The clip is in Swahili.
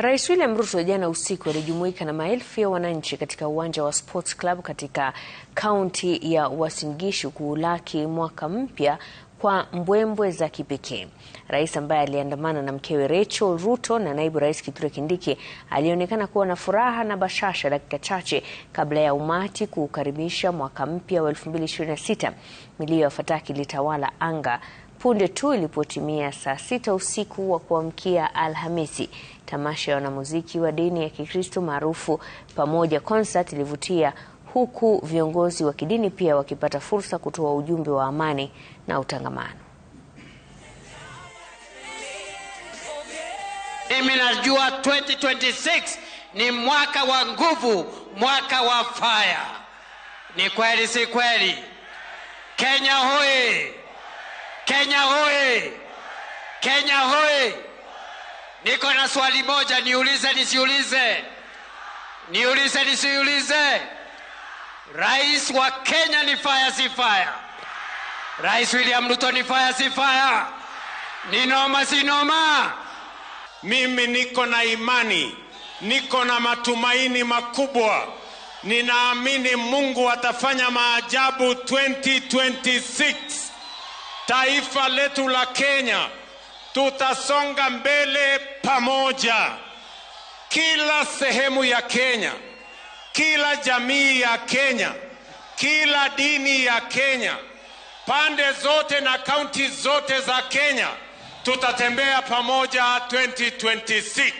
Rais William Ruto jana usiku alijumuika na maelfu ya wananchi katika uwanja wa Sports Club katika kaunti ya Uasin Gishu kuulaki mwaka mpya kwa mbwembwe za kipekee. Rais ambaye aliandamana na mkewe Rachel Ruto na naibu rais Kithure Kindiki alionekana kuwa na furaha na bashasha dakika chache kabla ya umati kuukaribisha mwaka mpya wa 2026. Milio ya fataki ilitawala anga punde tu ilipotimia saa sita usiku wa kuamkia Alhamisi. Tamasha ya wanamuziki wa dini ya Kikristo maarufu Pamoja Concert ilivutia huku viongozi wa kidini pia wakipata fursa kutoa ujumbe wa amani na utangamano. Mimi najua 2026 ni mwaka wa nguvu, mwaka wa fire. Ni kweli si kweli? Kenya hoye! Kenya hoye! Kenya hoye! Niko na swali moja, niulize nisiulize? Niulize nisiulize? Rais wa Kenya ni faya si faya? Rais William Ruto ni faya si faya? Ni noma si noma? Mimi niko na imani, niko na matumaini makubwa. Ninaamini Mungu atafanya maajabu 2026 taifa letu la Kenya, tutasonga mbele pamoja. Kila sehemu ya Kenya, kila jamii ya Kenya, kila dini ya Kenya, pande zote na kaunti zote za Kenya, tutatembea pamoja 2026.